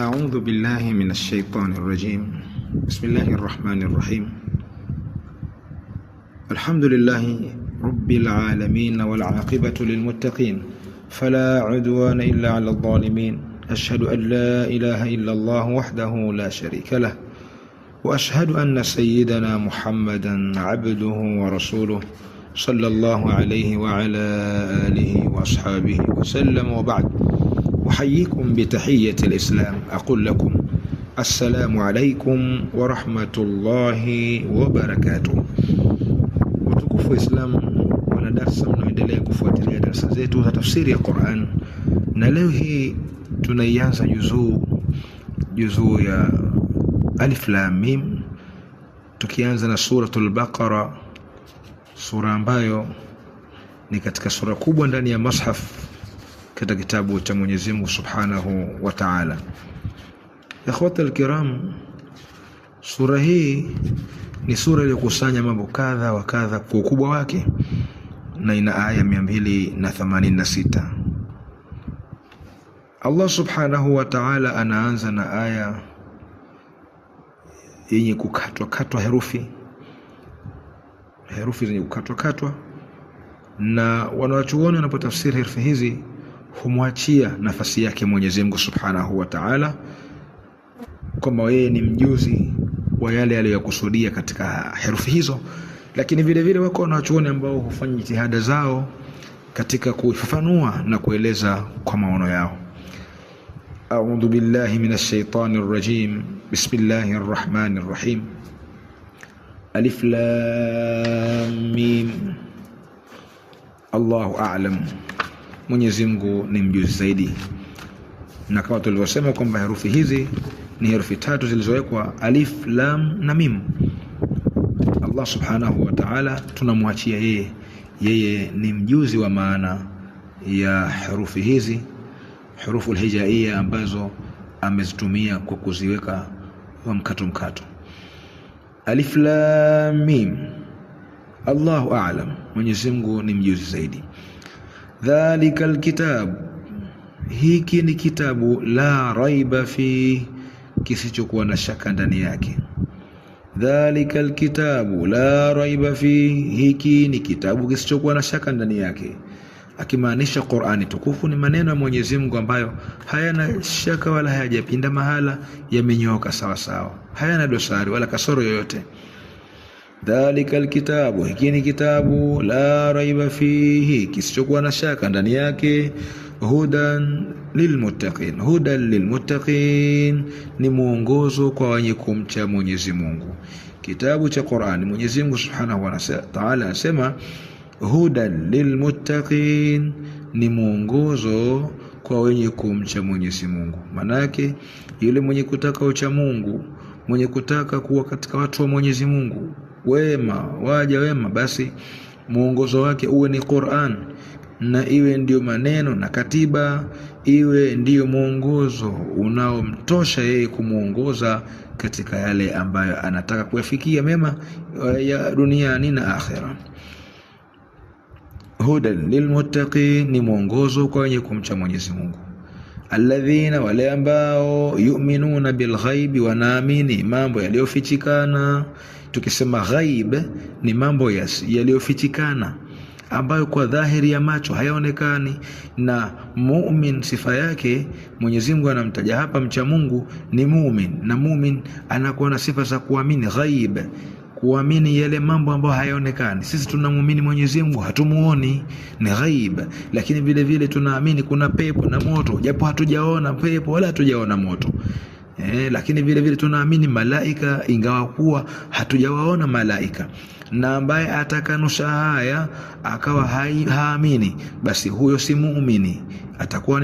أعوذ بالله من الشيطان الرجيم بسم الله الرحمن الرحيم الحمد لله رب العالمين والعاقبة للمتقين فلا عدوان إلا على الظالمين أشهد أن لا إله إلا الله وحده لا شريك له وأشهد أن سيدنا محمدا عبده ورسوله صلى الله عليه وعلى آله وأصحابه وسلم وبعد أحييكم بتحية الإسلام أقول لكم السلام عليكم ورحمة الله وبركاته وتكفوا إسلام darsa mnaoendelea kufuatilia darsa zetu za tafsiri ya Qur'an, na leo hii tunaianza juzuu juzuu ya Alif tukianza na suratul lbaqara sura ambayo ni katika sura kubwa ndani ya mushaf katika kitabu cha Mwenyezi Mungu Subhanahu wa Ta'ala. Ikhwata alkiram, sura hii ni sura iliyokusanya mambo kadha wa kadha kwa ukubwa wake na ina aya 286. Allah Subhanahu wa Ta'ala anaanza na aya yenye kukatwa katwa herufi herufi zenye kukatwa katwa, na wanawachuoni wanapotafsiri herufi hizi humwachia nafasi yake Mwenyezi Mungu Subhanahu wa Ta'ala, kwamba yeye ni mjuzi wa yale aliyokusudia katika herufi hizo. Lakini vile vile wako wanawachuoni ambao hufanya jitihada zao katika kuifafanua na kueleza kwa maono yao. A'udhu billahi minash shaitani rrajim. Bismillahir rahmanir rahim. Alif lam mim. Allahu a'lam. Mwenyezi Mungu ni mjuzi zaidi. Na kama tulivyosema kwamba herufi hizi ni herufi tatu zilizowekwa alif, lam na mim. Allah subhanahu wa ta'ala tunamwachia yeye, yeye ni mjuzi wa maana ya herufi hizi, herufu alhijaiya ambazo amezitumia kwa kuziweka wa mkato mkato. Alif, lam, mim. Allahu a'lam, Mwenyezi Mungu ni mjuzi zaidi dhalika alkitabu, hiki ni kitabu la raiba fi, kisichokuwa na shaka ndani yake. Dhalika alkitabu la raiba fi, hiki ni kitabu kisichokuwa na shaka ndani yake, akimaanisha Qur'ani tukufu ni maneno ya Mwenyezi Mungu ambayo hayana shaka wala hayajapinda mahala, yamenyooka sawa sawa, hayana dosari wala kasoro yoyote dhalika alkitabu, hiki ni kitabu la raiba fihi, kisichokuwa na shaka ndani yake. Hudan lilmuttaqin, hudan lilmuttaqin, ni mwongozo kwa wenye kumcha Mwenyezi Mungu. Kitabu cha Qur'ani, Mwenyezi Mungu Subhanahu wa Ta'ala anasema hudan lilmuttaqin, ni mwongozo kwa wenye kumcha Mwenyezi Mungu. Manake yule mwenye kutaka ucha Mungu, mwenye kutaka kuwa katika watu wa Mwenyezi Mungu wema waja wema, basi mwongozo wake uwe ni Qur'an na iwe ndiyo maneno na katiba iwe ndiyo mwongozo unaomtosha yeye kumwongoza katika yale ambayo anataka kuyafikia mema uh, ya duniani na akhera. Hudan lilmuttaqin, ni mwongozo kwa wenye kumcha Mwenyezi Mungu. Alladhina, wale ambao yuminuna bilghaibi, wanaamini mambo yaliyofichikana Tukisema ghaib ni mambo yaliyofichikana ambayo kwa dhahiri ya macho hayaonekani. Na mumin sifa yake Mwenyezi Mungu anamtaja hapa, mcha Mungu ni mumin, na mumin anakuwa na sifa za kuamini ghaib, kuamini yale mambo ambayo hayaonekani. Sisi tunamwamini Mwenyezi Mungu, hatumuoni, ni ghaib, lakini vile vile tunaamini kuna pepo na moto, japo hatujaona pepo wala hatujaona moto eh, lakini vile vile tunaamini malaika, ingawa kuwa hatujawaona malaika na ambaye atakanusha haya akawa haamini, basi huyo si muumini atakuwa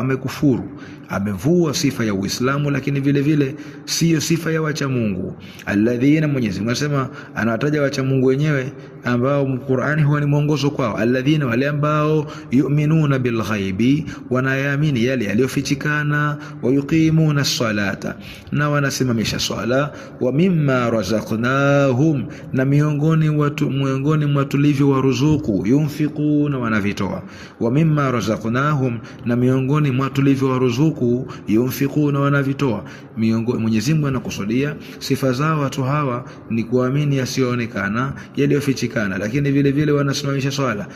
amekufuru, amevua sifa ya Uislamu, lakini vile vile siyo sifa ya wacha Mungu. Alladhina, Mwenyezi Mungu anasema, anawataja wacha Mungu wenyewe ambao Qur'ani huwa ni mwongozo kwao. Alladhina, wale ambao yu'minuna bil ghaibi, wanayaamini yale yaliyofichikana, wa yuqimuna salata, na wanasimamisha swala, wa mimma razaqnahum, na miongoni watu miongoni mwa tulivyo waruzuku, yunfiquna, wanavitoa, wa mimma razaqna razaqnahum, na miongoni mwa tulivyowaruzuku yunfikuna, wanavitoa. Mwenyezi Mungu anakusudia sifa zao watu hawa ni kuamini yasiyoonekana, yaliyofichikana, lakini vile vile wanasimamisha swala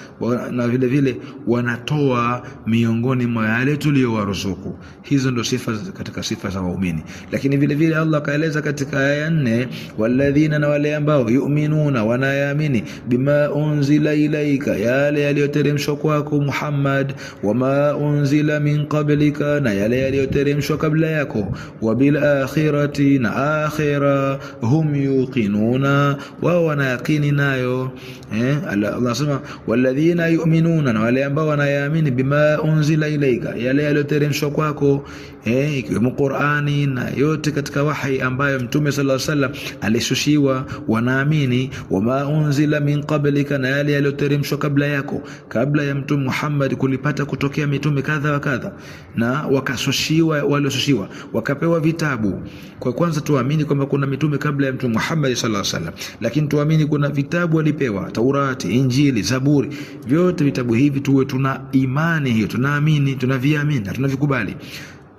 na vile vile wanatoa miongoni mwa yale tuliyowaruzuku. Hizo ndio sifa katika sifa za waumini, lakini vile vile Allah akaeleza katika aya nne, walladhina, na wale ambao yuminuna, wanayaamini bima unzila ilaika, yale yaliyoteremshwa kwako Muhammad wa ma unzila min qablika, na yale yaliyoteremshwa kabla yako, wa bil akhirati, na akhira, hum yuqinuna, wao wanayakini nayo. Eh, Allah anasema walladhina yu'minuna, na wale ambao wanayaamini bima unzila ilaika, yale yaliyoteremshwa kwako, eh, ikiwemo Qur'ani na yote katika wahi ambayo Mtume sallallahu alaihi wasallam alishushiwa, wanaamini wama unzila min qablika, na yale yaliyoteremshwa kabla yako, kabla ya Mtume Muhammad kulipata kutoka wakatokea mitume kadha wa kadha, na wakasoshiwa waliososhiwa, wakapewa vitabu. Kwa kwanza tuamini kwamba kuna mitume kabla ya Mtume Muhammad sallallahu alaihi wasallam, lakini tuamini kuna vitabu walipewa, Taurati, Injili, Zaburi, vyote vitabu hivi tuwe tuna imani hiyo, tunaamini, tunaviamini na tunavikubali.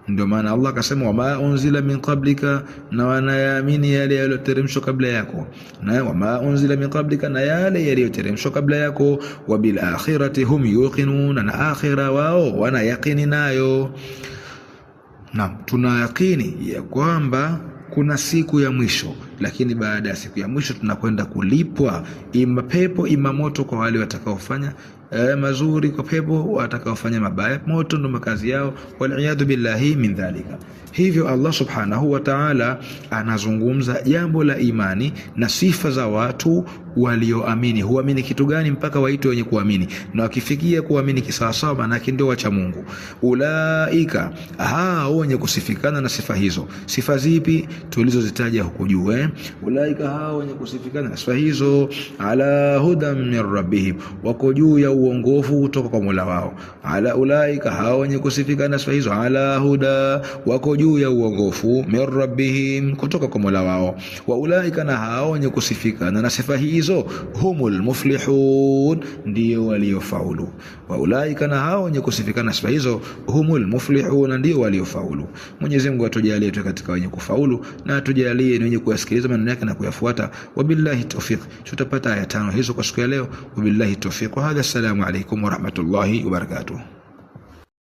Ndio maana Allah akasema wama unzila min qablika, na wanayaamini yale yaliyoteremshwa kabla yako, na wama unzila min qablika, na yale yaliyoteremshwa kabla yako, wa bil akhirati hum yuqinuna, na akhira wao wana yaqini nayo. Naam, tuna yaqini ya kwamba kuna siku ya mwisho, lakini baada ya siku ya mwisho tunakwenda kulipwa ima pepo ima moto kwa wale watakaofanya eh, mazuri kwa pepo, watakaofanya mabaya moto, ndo makazi yao, waliyadhu billahi min dhalika. Hivyo Allah subhanahu wa ta'ala anazungumza jambo la imani na sifa za watu walioamini. Huamini kitu gani mpaka waitwe wenye kuamini? Na wakifikia kuamini kisawasawa, maanake ndio wacha Mungu. Ulaika, hao wenye kusifikana na sifa hizo. Sifa zipi tulizozitaja huko juu eh? Ulaika, hao wenye kusifikana na sifa hizo, ala huda min rabbihim, wako juu ya uongofu kutoka kwa Mola wao. Ala ulaika, hao wenye kusifikana na sifa hizo, ala huda, wako juu ya uongofu min rabbihim, kutoka kwa Mola wao. Wa ulaika, na hao wenye kusifikana na sifa hizo hizo humul muflihun, ndio waliofaulu. Wa ulaika, na hao wenye kusifikana sifa hizo, humul muflihun, ndio waliofaulu. Mwenyezi Mungu atujalie tu katika wenye kufaulu na atujalie ni wenye kuyasikiliza maneno yake na kuyafuata. Wabillahi tawfiq, tutapata aya tano hizo kwa siku ya leo. Wabillahi tawfiq, wa hadha. Assalamu alaykum wa rahmatullahi wa barakatuh.